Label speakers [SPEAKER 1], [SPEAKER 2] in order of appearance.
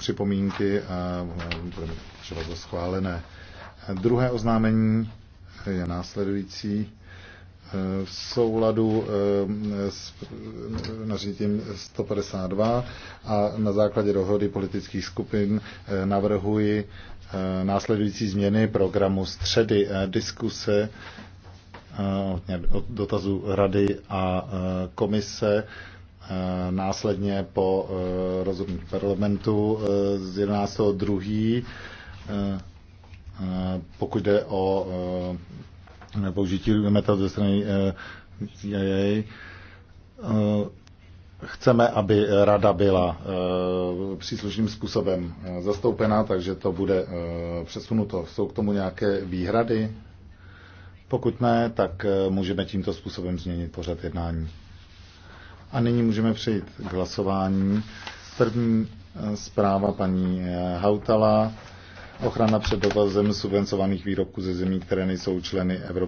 [SPEAKER 1] připomínky a bude eh, mít třeba to schválené. Druhé oznámení eh, je následující. Eh, v souladu s nařízením 152 a na základě dohody politických skupin navrhuji následující změny programu středy diskuse od dotazu rady a komise Eh, následně po eh, rozhodnutí parlamentu eh, z 11.2. Pokud jde o použití metod ze strany CIA, chceme, aby rada byla příslušným způsobem zastoupená, takže to bude přesunuto. Jsou k tomu nějaké výhrady? Pokud ne, tak můžeme tímto způsobem změnit pořad jednání. A nyní můžeme přejít k hlasování. První eh, zpráva paní eh, Hautala. Ochrana před dovozem subvencovaných výrobků ze zemí,
[SPEAKER 2] které nejsou členy Evropy.